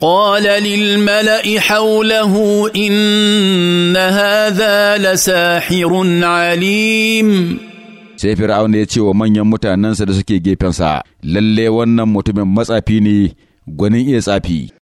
قال للملا حوله ان هذا لساحر عليم sai fir'auna ya ce wa manyan mutanensa da suke gefensa lalle wannan mutumin matsafi ne gwanin iya tsafi